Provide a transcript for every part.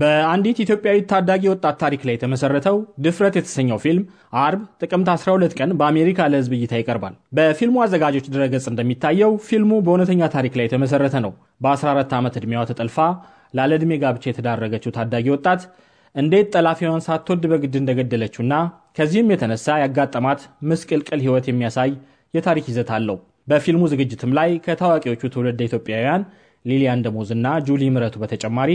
በአንዲት ኢትዮጵያዊት ታዳጊ ወጣት ታሪክ ላይ የተመሰረተው ድፍረት የተሰኘው ፊልም አርብ ጥቅምት 12 ቀን በአሜሪካ ለሕዝብ እይታ ይቀርባል። በፊልሙ አዘጋጆች ድረገጽ እንደሚታየው ፊልሙ በእውነተኛ ታሪክ ላይ የተመሰረተ ነው። በ14 ዓመት ዕድሜዋ ተጠልፋ ላለዕድሜ ጋብቻ የተዳረገችው ታዳጊ ወጣት እንዴት ጠላፊዋን ሳትወድ በግድ እንደገደለችውና ከዚህም የተነሳ ያጋጠማት ምስቅልቅል ሕይወት የሚያሳይ የታሪክ ይዘት አለው። በፊልሙ ዝግጅትም ላይ ከታዋቂዎቹ ትውልድ ኢትዮጵያውያን ሊሊያን ደሞዝና ጁሊ ምረቱ በተጨማሪ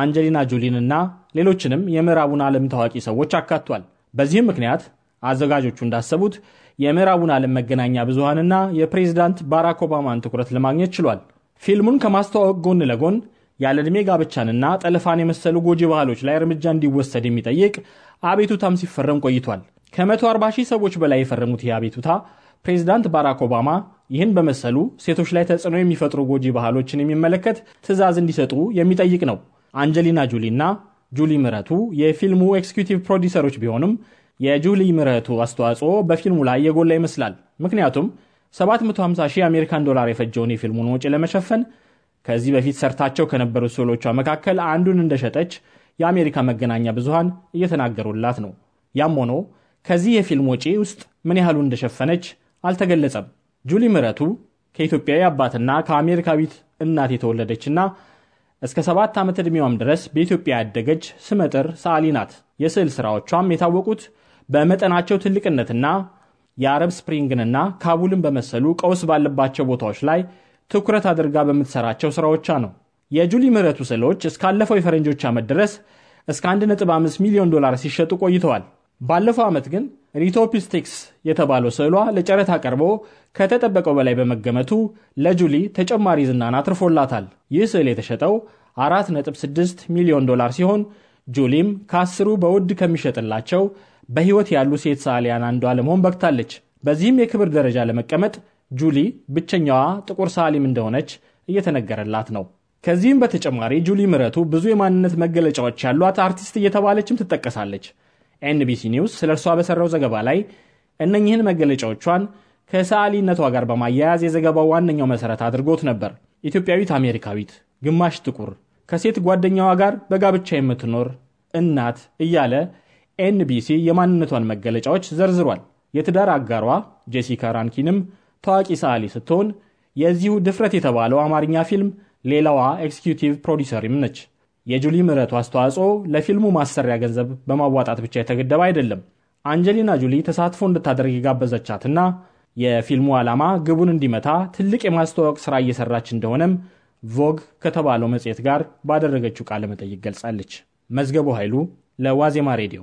አንጀሊና ጆሊንና ሌሎችንም የምዕራቡን ዓለም ታዋቂ ሰዎች አካቷል። በዚህም ምክንያት አዘጋጆቹ እንዳሰቡት የምዕራቡን ዓለም መገናኛ ብዙሃንና የፕሬዚዳንት ባራክ ኦባማን ትኩረት ለማግኘት ችሏል። ፊልሙን ከማስተዋወቅ ጎን ለጎን ያለድሜ ጋብቻንና ጠለፋን የመሰሉ ጎጂ ባህሎች ላይ እርምጃ እንዲወሰድ የሚጠይቅ አቤቱታም ሲፈረም ቆይቷል። ከ140 ሺህ ሰዎች በላይ የፈረሙት ይህ አቤቱታ ፕሬዚዳንት ባራክ ኦባማ ይህን በመሰሉ ሴቶች ላይ ተጽዕኖ የሚፈጥሩ ጎጂ ባህሎችን የሚመለከት ትዕዛዝ እንዲሰጡ የሚጠይቅ ነው። አንጀሊና ጁሊ እና ጁሊ ምረቱ የፊልሙ ኤክስኪዩቲቭ ፕሮዲሰሮች ቢሆኑም የጁሊ ምረቱ አስተዋጽኦ በፊልሙ ላይ የጎላ ይመስላል። ምክንያቱም 750 ሺህ አሜሪካን ዶላር የፈጀውን የፊልሙን ወጪ ለመሸፈን ከዚህ በፊት ሰርታቸው ከነበሩት ስዕሎቿ መካከል አንዱን እንደሸጠች የአሜሪካ መገናኛ ብዙሃን እየተናገሩላት ነው። ያም ሆኖ ከዚህ የፊልም ወጪ ውስጥ ምን ያህሉ እንደሸፈነች አልተገለጸም። ጁሊ ምረቱ ከኢትዮጵያዊ አባትና ከአሜሪካዊት እናት የተወለደችና እስከ ሰባት ዓመት ዕድሜዋም ድረስ በኢትዮጵያ ያደገች ስመጥር ሰዓሊ ናት። የስዕል ሥራዎቿም የታወቁት በመጠናቸው ትልቅነትና የአረብ ስፕሪንግንና ካቡልን በመሰሉ ቀውስ ባለባቸው ቦታዎች ላይ ትኩረት አድርጋ በምትሰራቸው ሥራዎቿ ነው። የጁሊ ምህረቱ ስዕሎች እስካለፈው የፈረንጆች ዓመት ድረስ እስከ 1.5 ሚሊዮን ዶላር ሲሸጡ ቆይተዋል። ባለፈው ዓመት ግን ሪቶፕስቲክስ የተባለው ስዕሏ ለጨረታ ቀርቦ ከተጠበቀው በላይ በመገመቱ ለጁሊ ተጨማሪ ዝናን አትርፎላታል። ይህ ስዕል የተሸጠው 4.6 ሚሊዮን ዶላር ሲሆን ጁሊም ከአስሩ በውድ ከሚሸጥላቸው በሕይወት ያሉ ሴት ሰዓሊያን አንዷ ለመሆን በቅታለች። በዚህም የክብር ደረጃ ለመቀመጥ ጁሊ ብቸኛዋ ጥቁር ሰዓሊም እንደሆነች እየተነገረላት ነው። ከዚህም በተጨማሪ ጁሊ ምረቱ ብዙ የማንነት መገለጫዎች ያሏት አርቲስት እየተባለችም ትጠቀሳለች። ኤንቢሲ ኒውስ ስለ እርሷ በሰራው ዘገባ ላይ እነኝህን መገለጫዎቿን ከሰዓሊነቷ ጋር በማያያዝ የዘገባው ዋነኛው መሠረት አድርጎት ነበር። ኢትዮጵያዊት አሜሪካዊት፣ ግማሽ ጥቁር፣ ከሴት ጓደኛዋ ጋር በጋብቻ የምትኖር እናት እያለ ኤንቢሲ የማንነቷን መገለጫዎች ዘርዝሯል። የትዳር አጋሯ ጄሲካ ራንኪንም ታዋቂ ሰዓሊ ስትሆን የዚሁ ድፍረት የተባለው አማርኛ ፊልም ሌላዋ ኤክስኪዩቲቭ ፕሮዲሰሪም ነች። የጁሊ ምረቱ አስተዋጽኦ ለፊልሙ ማሰሪያ ገንዘብ በማዋጣት ብቻ የተገደበ አይደለም። አንጀሊና ጁሊ ተሳትፎ እንድታደርግ የጋበዘቻትና የፊልሙ ዓላማ ግቡን እንዲመታ ትልቅ የማስተዋወቅ ሥራ እየሰራች እንደሆነም ቮግ ከተባለው መጽሔት ጋር ባደረገችው ቃለ መጠይቅ ገልጻለች። መዝገቡ ኃይሉ ለዋዜማ ሬዲዮ